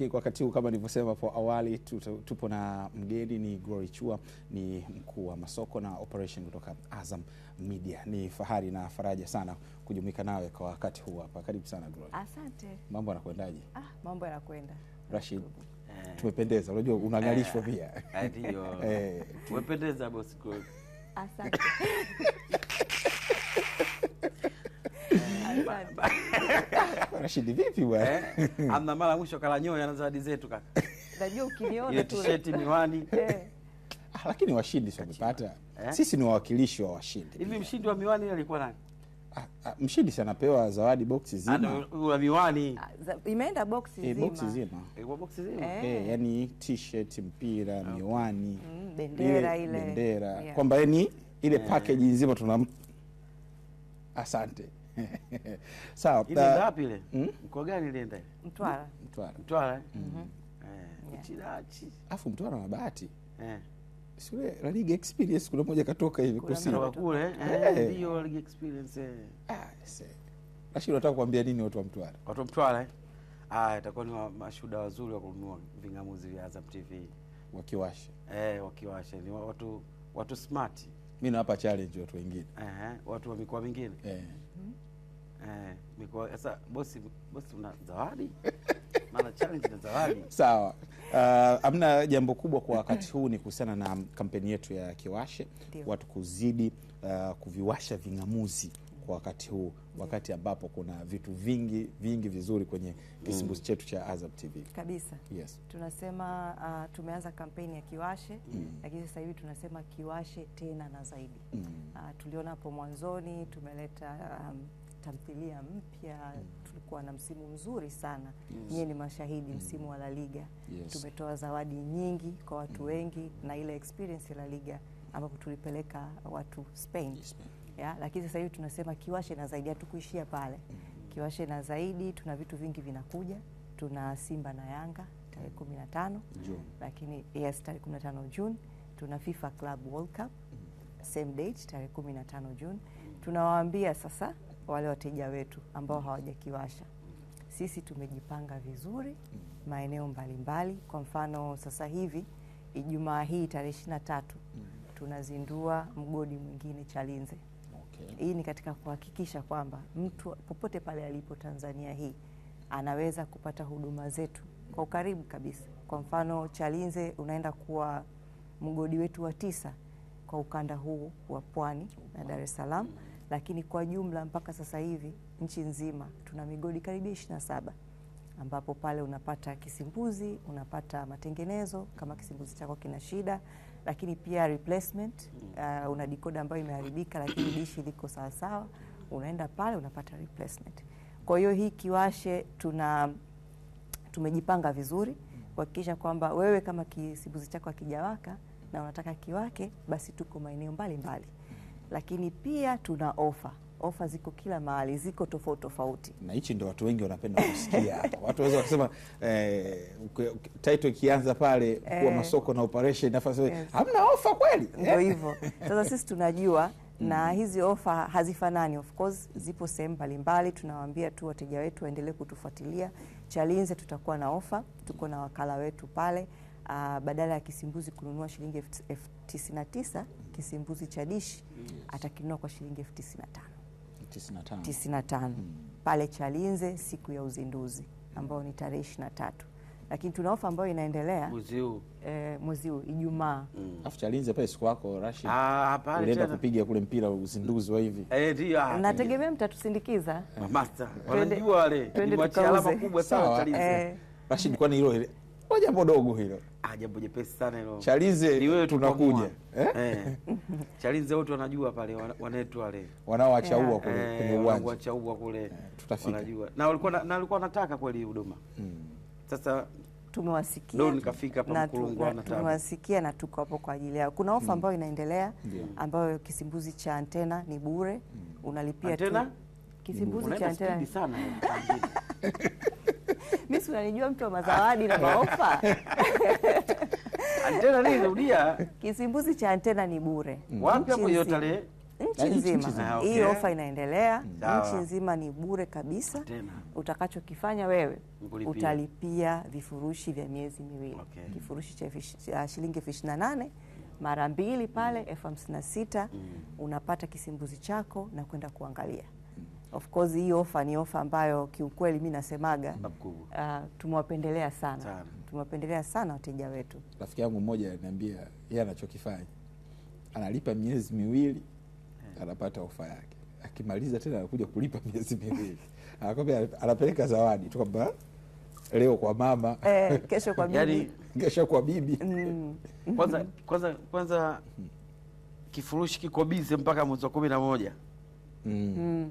Lakini kwa wakati huu kama nilivyosema hapo awali, tupo na mgeni, ni Glory Chua, ni mkuu wa masoko na operation kutoka Azam Media. Ni fahari na faraja sana kujumuika nawe kwa wakati huu hapa. Karibu sana Glory. Asante. Mambo yanakwendaje? Ah, mambo yanakwenda. Rashid, eh. tumependeza. Unajua unangalishwa pia. Eh, eh, ndio. Tumependeza boss Glory. Asante. Rashidi vipi bwana eh? amna mara mwisho kala nyoya na zawadi zetu kaka, najua ukiniona tu T-shirt miwani eh. Ah, lakini washindi sio mpata. eh? Sisi ni wawakilishi wa washindi. Hivi mshindi wa miwani alikuwa nani? Ah, ah, mshindi si anapewa zawadi boksi ah, zima wa miwani ah, imeenda boksi zima, Eh, boksi zima ilikuwa boksi zima eh, eh yani t-shirt, mpira, ah, okay. miwani mm, bendera ile, ile. bendera yeah. kwamba yani ile eh. package nzima tunam asante Sawa. Ile ngapi ile? Hmm? Mkoa gani ile ndani? Mtwara. Mtwara. Mtwara. Eh? Hmm. Mhm. Eh, Alafu Mtwara na bahati. Eh. Sule La Liga Experience kuna moja katoka hivi kusini. Kuna kule eh, eh ndio La Liga Experience. Ah, sasa. Rashid unataka kuambia nini watu wa Mtwara? Watu wa Mtwara eh? Ah, itakuwa ni mashuhuda wazuri wa kununua vingamuzi vya Azam TV. Wakiwasha. Eh, wakiwasha. Ni watu watu smart. Mimi nawapa challenge watu wengine. Eh, watu wa mikoa mingine. Eh. Mm-hmm. Eh, sasa bosi, bosi una zawadi challenge na zawadi sawa. Uh, amna jambo kubwa kwa wakati huu ni kuhusiana na kampeni yetu ya Kiwashe Dio. watu kuzidi uh, kuviwasha ving'amuzi kwa wakati huu, wakati ambapo kuna vitu vingi vingi vizuri kwenye kisimbuzi mm. chetu cha Azam TV kabisa. Yes, tunasema uh, tumeanza kampeni ya kiwashe mm. Lakini sasa hivi tunasema kiwashe tena na zaidi mm. Uh, tuliona hapo mwanzoni tumeleta um, tamthilia mpya mm. Tulikuwa na msimu mzuri sana yes. Nyie ni mashahidi mm. Msimu wa La Liga yes. Tumetoa zawadi nyingi kwa watu mm. wengi na ile experience La Liga ambapo tulipeleka watu Spain, Spain ya, lakini sasa hivi tunasema Kiwashe na zaidi, hatukuishia pale Kiwashe na zaidi, tuna vitu vingi vinakuja, tuna Simba na Yanga tarehe kumi na tano Lakini yes, tarehe kumi na tano June tuna FIFA Club World Cup same date tarehe kumi na tano June. Tunawaambia sasa wale wateja wetu ambao hawajakiwasha, sisi tumejipanga vizuri maeneo mbalimbali. Kwa mfano sasa hivi Ijumaa hii tarehe ishirini na tatu tunazindua mgodi mwingine Chalinze. mm okay. Hii ni katika kuhakikisha kwamba mtu popote pale alipo Tanzania hii anaweza kupata huduma zetu kwa ukaribu kabisa. Kwa mfano, Chalinze unaenda kuwa mgodi wetu wa tisa kwa ukanda huu wa Pwani na Dar es Salaam, lakini kwa jumla mpaka sasa hivi nchi nzima tuna migodi karibia ishirini na saba ambapo pale unapata kisimbuzi, unapata matengenezo kama kisimbuzi chako kina shida lakini pia replacement uh, una decoder ambayo imeharibika lakini dishi liko sawasawa, unaenda pale unapata replacement. Kwa hiyo hii Kiwashe tuna tumejipanga vizuri kuhakikisha kwamba wewe kama kisimbuzi chako akijawaka na unataka kiwake, basi tuko maeneo mbalimbali, lakini pia tuna ofa ofa ziko kila mahali, ziko tofauti tofauti, na hichi ndo watu wengi wanapenda kusikia Watu waweza kusema eh, title ikianza pale kuwa eh. masoko na operation nafasi, yes. hamna ofa kweli, ndo eh? hivyo sasa sisi tunajua mm. na hizi ofa hazifanani, of course zipo sehemu mbalimbali. Tunawaambia tu wateja wetu waendelee kutufuatilia. Chalinze tutakuwa na ofa, tuko na wakala wetu pale. Uh, badala ya kisimbuzi kununua shilingi elfu tisini na tisa mm. kisimbuzi cha dishi atakinunua kwa shilingi elfu tisini na tano. 95, 95. Hmm. pale Chalinze siku ya uzinduzi ambayo ni tarehe ishirini na tatu lakini tuna ofa ambayo inaendelea mwezi huu eh, mwezi huu Ijumaa. Hmm. Chalinze pale siku yako Rashid, ah, unaenda kupiga kule mpira uzinduzi wa hivi, eh, ndio eh, nategemea mtatusindikiza eh. master, wanajua wale ni alama kubwa sana Chalinze. eh. Rashid, kwani hilo moja jambo dogo hilo Ah, jambo jepesi sana hilo. Chalize ni wewe tunakuja. Eh? Eh. Chalize wote wanajua pale wanetu wale. Wanaoachaua kule eh, kwenye uwanja. Wanaoachaua kule. Eh, tutafika. Wanajua. Na walikuwa na walikuwa nataka kweli huduma. Mm. Sasa tumewasikia. Ndio nikafika hapa Mkulungu anataka. tumewasikia na tuko hapo kwa ajili yao. Kuna ofa mm. ambayo inaendelea yeah. ambayo kisimbuzi cha antena ni bure. Mm. Unalipia antena? tu. Kisimbuzi cha antena. Sana. mi si unanijua mtu wa mazawadi na maofa antena ni rudia. Kisimbuzi cha antena ni bure mm. wapi hapo? Hiyo tarehe nchi nzima ah, hii Ofa inaendelea Dawa. Nchi nzima ni bure kabisa. Utakachokifanya wewe Utalipia vifurushi vya miezi miwili okay. Kifurushi cha shilingi elfu ishirini na nane mara mbili pale mm. elfu hamsini na sita mm. Unapata kisimbuzi chako na kwenda kuangalia Of course hii ofa ni ofa ambayo kiukweli mi nasemaga uh, tumewapendelea sana, sana. Tumewapendelea sana wateja wetu. Rafiki yangu mmoja ananiambia yeye anachokifanya analipa miezi miwili eh. anapata ofa yake, akimaliza tena anakuja kulipa miezi miwili anakwambia anapeleka zawadi tu kwamba leo kwa mama eh, kesho kwa bibi yaani, kesho kwa bibi mm. kwanza, kwanza, kwanza hmm. kifurushi kiko bize mpaka mwezi wa kumi na moja mm. Mm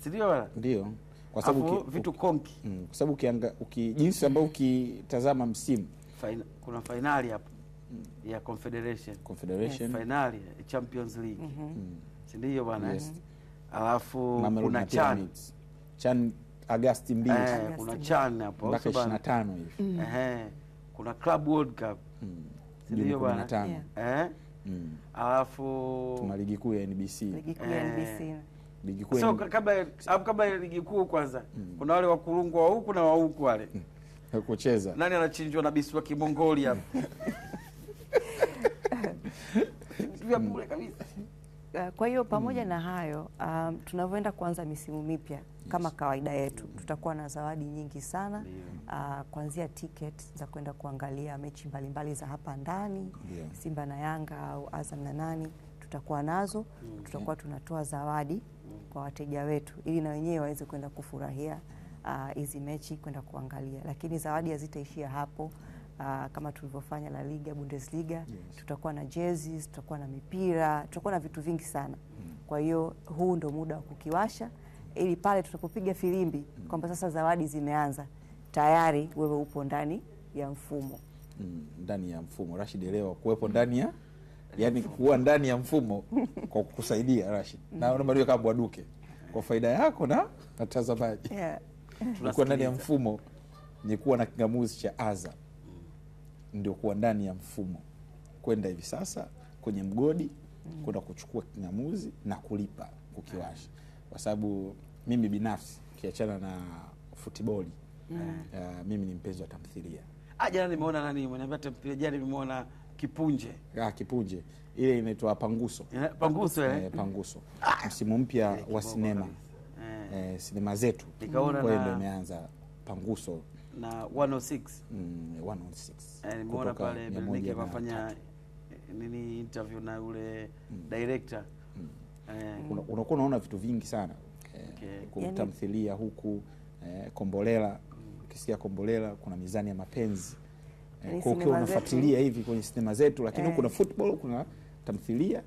sindio? Ndio, kwa sababu vitu konki mm, kwa sababu ukianga uki, jinsi ambayo ukitazama msimu Fain, kuna fainali hapo mm. ya Confederation, Confederation. Yes. Eh, fainali Champions League mhm. mm -hmm. sindio bwana yes. alafu Mamelodi kuna chan chan Agasti mbili eh, kuna chan hapo mpaka ishirini na tano hivi mm. eh, kuna Club World Cup mm. sindio bwana yeah. eh? mm. alafu tuna ligi kuu ya NBC, ligi kuu ya NBC. Eh, ligi kuu so, kabla kabla ya ligi kuu kwanza mm. kuna wale wakurungwa wa huku na wa huku wale mm. kucheza nani anachinjwa na bisi wa Kimongoli hapa mm. bure kabisa eh, kwa hiyo pamoja mm. na hayo um, tunavyoenda kuanza misimu mipya kama kawaida yetu tutakuwa na zawadi nyingi sana yeah. uh, kuanzia ticket za kwenda kuangalia mechi mbalimbali mbali za hapa ndani yeah. Simba na Yanga au Azam na nani tutakuwa nazo mm. Tutakuwa tunatoa zawadi mm. kwa wateja wetu ili na wenyewe waweze kwenda kufurahia ah, hizi uh, mechi kwenda kuangalia, lakini zawadi hazitaishia hapo. Uh, kama tulivyofanya La Liga, Bundesliga yes. Tutakuwa na jezi, tutakuwa na mipira, tutakuwa na vitu vingi sana mm. Kwa hiyo huu ndo muda wa kukiwasha ili pale tutakopiga filimbi mm. kwamba sasa zawadi zimeanza tayari, wewe upo ndani ya mfumo mm, ndani ya mfumo Rashid, elewa kuwepo ndani ya yani kuwa ndani ya mfumo kwa kukusaidia Rashid, na mm-hmm. naomba niwe kama Bwaduke kwa faida yako na watazamaji yeah. kuwa ndani ya mfumo ni kuwa na kingamuzi cha Azam mm. ndio kuwa ndani ya mfumo kwenda hivi sasa kwenye mgodi mm. kwenda kuchukua kingamuzi na kulipa kukiwasha, kwa sababu mimi binafsi ukiachana na futiboli mm. uh, mimi ni mpenzi wa tamthilia. Ah, jana nimeona nani, nimeona Kipunje. Ah, Kipunje ile inaitwa Panguso. Yeah, Panguso, eh. eh Panguso. Ah, msimu mpya yeah, wa sinema eh. Eh, sinema zetu nikaona kwa ndio imeanza Panguso na 106 mm, 106 eh, nimeona pale Belinike kafanya eh, nini interview na yule mm. director mm. Eh. unakuwa unaona vitu vingi sana eh, okay. kumtamthilia huku eh, Kombolela mm. ukisikia mm. Kombolela kuna mizani ya mapenzi mm. Yaani kwa ukiwa unafuatilia hivi kwenye sinema zetu, lakini eh. huku kuna football, kuna tamthilia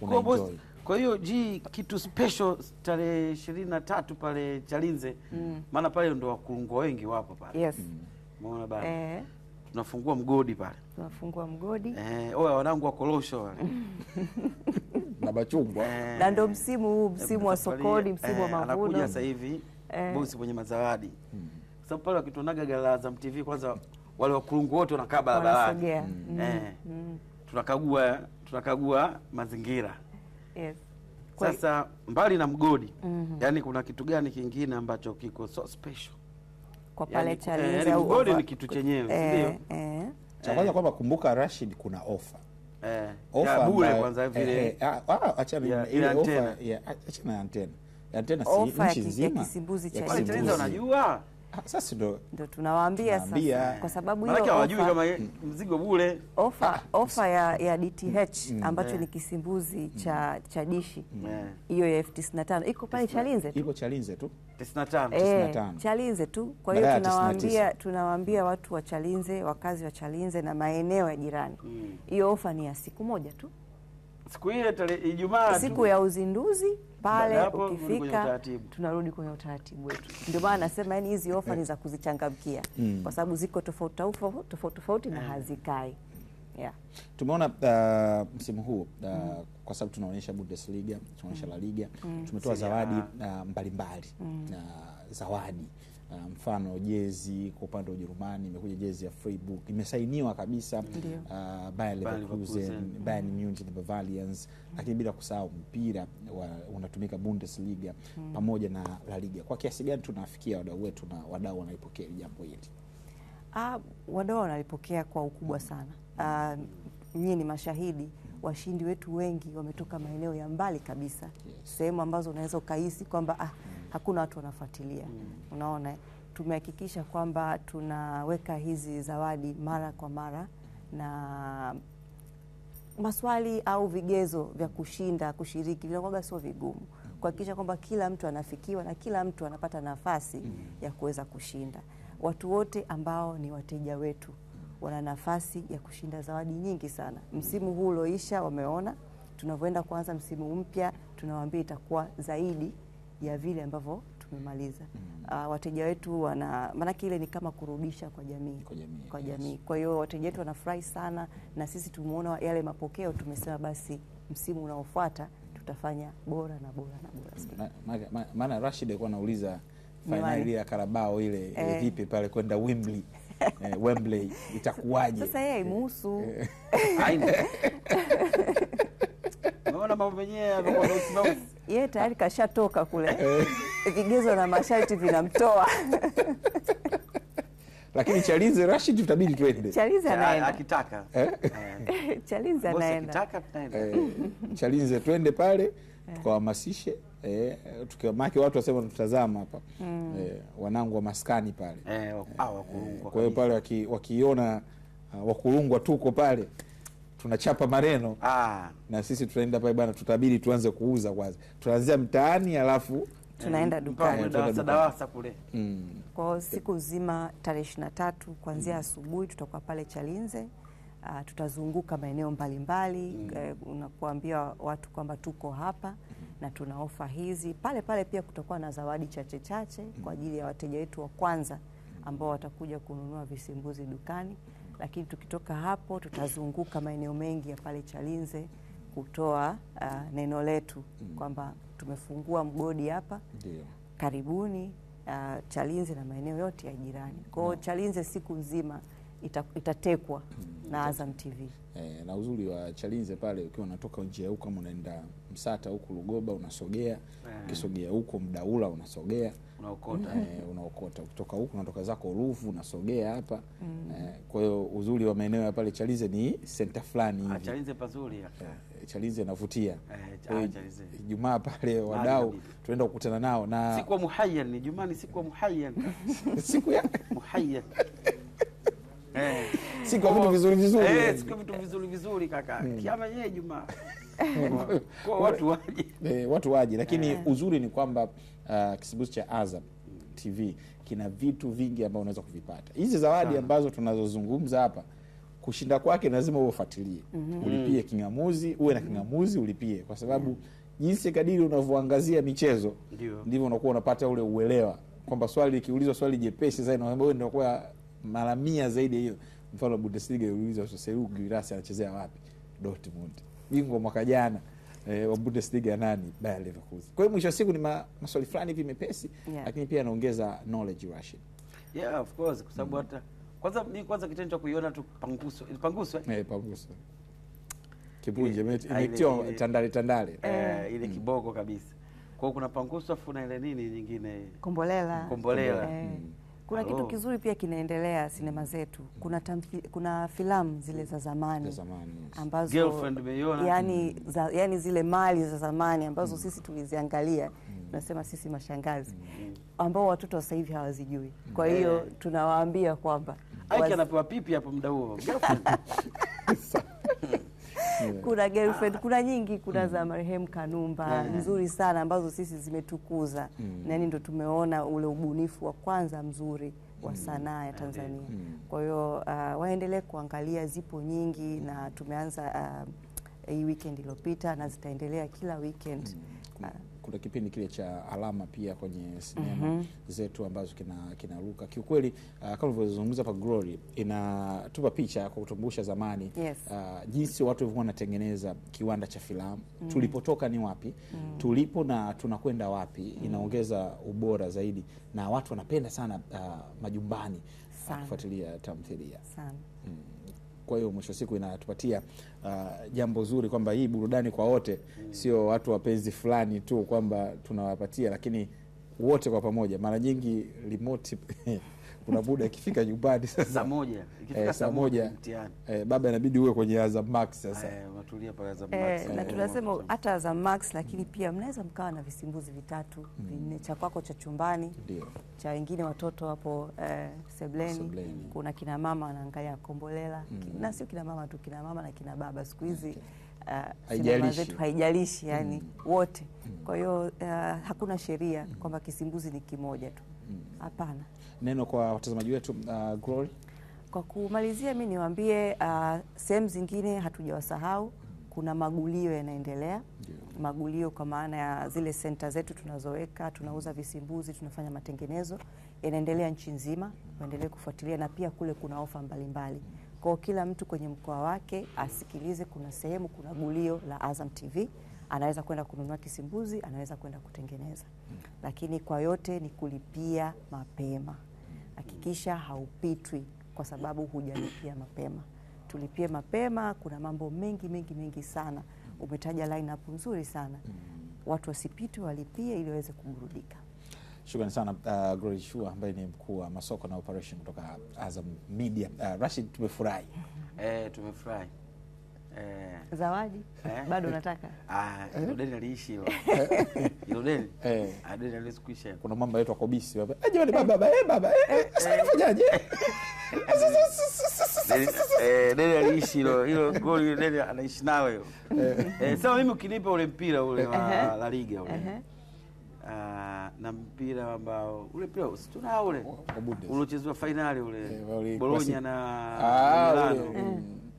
unaenjoy. Kwa hiyo ji kitu special tarehe ishirini na tatu pale Chalinze, mm. maana mm. pale ndo wakulungwa wengi wapo pale yes. Mm. Umeona bana eh. Tunafungua mgodi pale, tunafungua mgodi eh, oya wanangu wa korosho wale na machungwa eh, na ndo msimu huu, msimu wa sokoni, msimu wa eh, mavuno. Anakuja sasa hivi eh. bosi kwenye mazawadi, kwa mm. sababu pale wakituonaga gala Azam TV kwanza wale wakulungu wote wanakaa barabarani mm. mm. eh, mm. tunakagua tunakagua mazingira yes. Sasa mbali na mgodi mm -hmm. yani kuna kitu gani kingine ambacho kiko so special kwa pale eh, challenge yani, yani mgodi ni kitu chenyewe eh, ndio eh. cha kwanza kwamba kumbuka Rashid kuna offer. eh, Offer ya bure kwanza vile eh, eh ah, ah, acha ile offer ya acha na antena antena si nchi nzima ya kisimbuzi cha unajua Ah, sasa ndo tunawaambia sasa, kwa sababu hiyo hawajui kama mzigo bure. Ofa ofa ya, ya DTH mm. mm. ambacho yeah. ni kisimbuzi mm. cha, cha dishi mm. eh. hiyo yeah. ya elfu tisini na tano iko pale Chalinze tu, iko Chalinze tu tisini eh, na tano Chalinze tu. Kwa hiyo tunawaambia tunawaambia watu wa Chalinze, wakazi wa Chalinze na maeneo ya jirani, hiyo mm. ofa ni ya siku moja tu siku ile tarehe Ijumaa, siku ya uzinduzi pale, ukifika tunarudi kwenye utaratibu wetu. Ndio maana nasema yani hizi ofa ni za kuzichangamkia mm. kwa sababu ziko tofauti tofauti tofauti na mm. hazikai yeah. Tumeona uh, msimu huu uh, mm. kwa sababu tunaonyesha Bundesliga tunaonyesha La Liga mm. tumetoa zawadi uh, mbalimbali uh, mbali. mm. uh, zawadi Ah, mfano um, jezi kwa upande wa Ujerumani imekuja jezi ya Freiburg imesainiwa kabisa uh, Bayer Leverkusen, Bayern Munich Bavarians, lakini bila kusahau mpira unatumika Bundesliga mm. pamoja na La Liga. Kwa kiasi gani tunafikia wadau wetu na wadau wanaipokea jambo hili? Ah, wadau wanalipokea kwa ukubwa sana. Ah, nyie ni mashahidi washindi wetu wengi wametoka maeneo ya mbali kabisa, yes. Sehemu ambazo unaweza ukahisi kwamba ah, mm hakuna watu wanafuatilia mm. Unaona, tumehakikisha kwamba tunaweka hizi zawadi mara kwa mara na maswali au vigezo vya kushinda kushiriki vinakuwaga sio vigumu, kuhakikisha kwamba kila mtu anafikiwa na kila mtu anapata nafasi mm. ya kuweza kushinda. Watu wote ambao ni wateja wetu wana nafasi ya kushinda zawadi nyingi sana. Msimu huu ulioisha wameona, tunavyoenda kuanza msimu mpya, tunawaambia itakuwa zaidi ya vile ambavyo tumemaliza. Uh, wateja wetu wana maanake ile ni kama kurudisha kwa jamii kwa jamii, kwa jamii. Yes. Kwa hiyo wateja wetu wanafurahi sana na sisi tumeona yale mapokeo, tumesema basi msimu unaofuata tutafanya bora na bora na bora. Maana ma, ma, Rashid alikuwa anauliza fainali ya Karabao ile eh, eh. pale kwenda Wembley eh, Wembley itakuwaje? Sasa yeye imuhusu eh. Unaona mambo yenyewe na usimamo. Yeye tayari kashatoka kule. Vigezo na masharti vinamtoa. Lakini Chalize Rashid tutabidi twende. Chalize anaenda. Akitaka. Eh? Eh. Chalize anaenda. Akitaka tunaenda. Eh, Chalize twende pale tukawahamasishe eh, tukiwa maki watu wasema tutazama hapa mm. eh, wanangu wa maskani pale eh, wa, ah, eh, kwa hiyo pale wakiona waki ah, wakurungwa tuko pale tunachapa maneno ah. na sisi tunaenda pale bana, tutabidi tuanze kuuza kwanza, tunaanzia mtaani alafu tunaenda eh, dukani kule mm. Kwao siku nzima tarehe ishirini na tatu kuanzia mm. asubuhi tutakuwa pale Chalinze. Uh, tutazunguka maeneo mbalimbali mm. uh, unakuambia watu kwamba tuko hapa mm. na tuna ofa hizi pale pale. Pia kutakuwa na zawadi chache chache mm. kwa ajili ya wateja wetu wa kwanza ambao watakuja kununua visimbuzi dukani lakini tukitoka hapo tutazunguka maeneo mengi ya pale Chalinze kutoa uh, neno letu mm. kwamba tumefungua mgodi hapa Dio. Karibuni uh, Chalinze na maeneo yote ya jirani kwao no. Mm. Chalinze siku nzima ita, itatekwa mm. na Azam TV eh, na uzuri wa Chalinze pale ukiwa unatoka njia huko kama unaenda Msata huku Lugoba unasogea eh. ukisogea huko Mdaula unasogea unaokota eh, unaokota kutoka huku unatoka zako Ruvu unasogea hapa mm. eh, kwa hiyo uzuri wa maeneo ya pale Chalinze ni senta fulani ah, hivi. Chalinze pazuri ya. Eh, Chalinze inavutia eh, ah, Ijumaa pale wadau tuenda kukutana nao na siku ya muhayyan ni Ijumaa ni siku ya muhayyan siku ya muhayyan eh siku ya vitu vizuri vizuri eh siku ya vitu vizuri vizuri kaka mm. kiama yeye Ijumaa watu waje e, watu waje, lakini eh. uzuri ni kwamba uh, kisibusi cha Azam TV kina vitu vingi ambavyo unaweza kuvipata. Hizi zawadi ambazo tunazozungumza hapa kushinda kwake lazima ufuatilie, mm -hmm. ulipie king'amuzi, uwe na mhm. king'amuzi ulipie, kwa sababu mm -hmm. jinsi kadiri unavyoangazia michezo ndivyo unakuwa unapata ule uelewa kwamba swali likiulizwa swali jepesi zaidi, wewe ndio kwa mara mia zaidi hiyo. Mfano Bundesliga iliulizwa Soselu girasi anachezea wapi? Dortmund bingwa mwaka jana e, wa Bundesliga ya nani Bayer Leverkusen. Kwa hiyo mwisho wa siku ni ma, maswali fulani hivi mepesi yeah. Lakini pia anaongeza knowledge Rashid. Yeah, of course kwa sababu mm. hata mm. Kwanza ni kwanza kitendo cha kuiona tu panguso panguso eh yeah, panguso kibunje imetio ah, tandale tandale eh, eh. ile mm. kiboko kabisa. Kwa kuna panguso afu na ile nini nyingine kombolela kombolela, kombolela. Mm. Eh. Kuna Kitu kizuri pia kinaendelea sinema zetu. Kuna tamthi, kuna filamu zile za zamani, zamani ambazo yani, mm. za, yani zile mali za zamani ambazo mm. sisi tuliziangalia mm. tunasema sisi mashangazi mm. ambao watoto sasa hivi hawazijui, mm. kwa hiyo eh. tunawaambia kwamba anapewa pipi hapo muda huo kuna girlfriend, ah. kuna nyingi, kuna za mm. marehemu Kanumba nzuri sana ambazo sisi zimetukuza, mm. nani ndo tumeona ule ubunifu wa kwanza mzuri wa mm. sanaa ya Tanzania. Kwa hiyo uh, waendelee kuangalia, zipo nyingi na tumeanza uh, hii weekend iliyopita na zitaendelea kila weekend uh, kuna kipindi kile cha alama pia kwenye sinema mm -hmm. zetu ambazo kinaruka kina kiukweli, uh, kama ulivyozungumza hapa Glory inatupa picha kwa kutumbusha zamani yes. uh, jinsi watu walivyokuwa wanatengeneza kiwanda cha filamu mm -hmm. tulipotoka ni wapi mm -hmm. tulipo na tunakwenda wapi mm -hmm. inaongeza ubora zaidi na watu wanapenda sana uh, majumbani uh, kufuatilia tamthilia sana. Mm. Kwa hiyo mwisho siku inatupatia uh, jambo zuri kwamba hii burudani kwa wote mm. Sio watu wapenzi fulani tu kwamba tunawapatia, lakini wote kwa pamoja. Mara nyingi remote kuna muda ikifika nyumbani sasa saa moja ikifika eh, saa moja mtihani eh, baba inabidi uwe kwenye Azam Max sasa eh, unatulia pale Azam eh, Max eh, na tunasema hata Azam Max lakini pia mnaweza mkawa na visimbuzi vitatu mm. vinne cha kwako cha chumbani ndio cha wengine watoto hapo eh, sebleni. sebleni kuna kina mama wanaangalia kombolela mm. na sio kina mama tu kina mama na kina baba siku hizi okay eh, zetu haijalishi yani mm. wote mm. kwa hiyo uh, hakuna sheria mm. kwamba kisimbuzi ni kimoja tu Hapana. Neno kwa watazamaji wetu, uh, Glory. Kwa kumalizia, mi niwaambie uh, sehemu zingine hatujawasahau. Kuna magulio yanaendelea, magulio kwa maana ya zile senta zetu tunazoweka, tunauza visimbuzi, tunafanya matengenezo, yanaendelea nchi nzima. Waendelee kufuatilia, na pia kule kuna ofa mbalimbali kwao, kila mtu kwenye mkoa wake asikilize, kuna sehemu kuna gulio la Azam TV anaweza kwenda kununua kisimbuzi, anaweza kwenda kutengeneza, hmm. lakini kwa yote ni kulipia mapema. Hmm. Hakikisha haupitwi kwa sababu hujalipia mapema. Tulipie mapema. Kuna mambo mengi mengi mengi sana, hmm. umetaja lineup nzuri sana, watu wasipitwe, walipie ili waweze kuburudika. Shukrani sana uh, Glory Shua ambaye ni mkuu wa masoko na operation kutoka Azam Media. Uh, Rashid, tumefurahi eh, tumefurahi. Eh. Zawadi? Eh. Bado unataka? Ah, hilo eh? deni aliishi hiyo. Eh? Hilo deni? Eh. Ah, deni kuisha. Kuna mambo yetu akobisi baba. Eh, jamani baba baba, eh baba, eh. eh sasa nifanyaje? Eh, deni aliishi hilo. Hilo goli deni anaishi nawe hiyo. Eh, sasa mimi ukinipa ule mpira ule wa La Liga ule. Eh. Ah, na mpira ambao ule pia usituna ule oh, Ulochezwa finali ule Bologna na ah, Milano.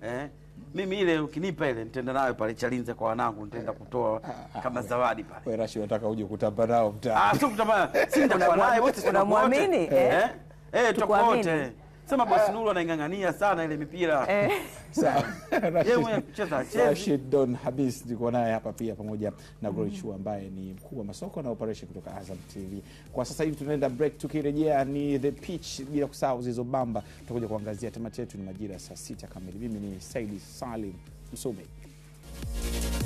Eh. Mm mimi ile ukinipa ile nitaenda nayo pale Chalinze kwa wanangu, nitaenda kutoa kama ah, zawadi pale. Wewe Rashid, unataka uje kutamba nao mtaa? Ah, sio kutamba, si nitakuwa naye wote, tunamwamini eh? eh, eh tutakuwa wote Sema basi eh. Nuru anaing'ang'ania sana ile mipira. Eh. Rashid Don Habis niko naye hapa pia pamoja na Gorichu ambaye ni mkuu wa masoko na operation kutoka Azam TV. Kwa sasa hivi tunaenda break, tukirejea ni the pitch, bila kusahau zilizobamba. Tutakuja kuangazia tamati yetu, ni majira ya saa sita kamili. Mimi ni Saidi Salim Msome.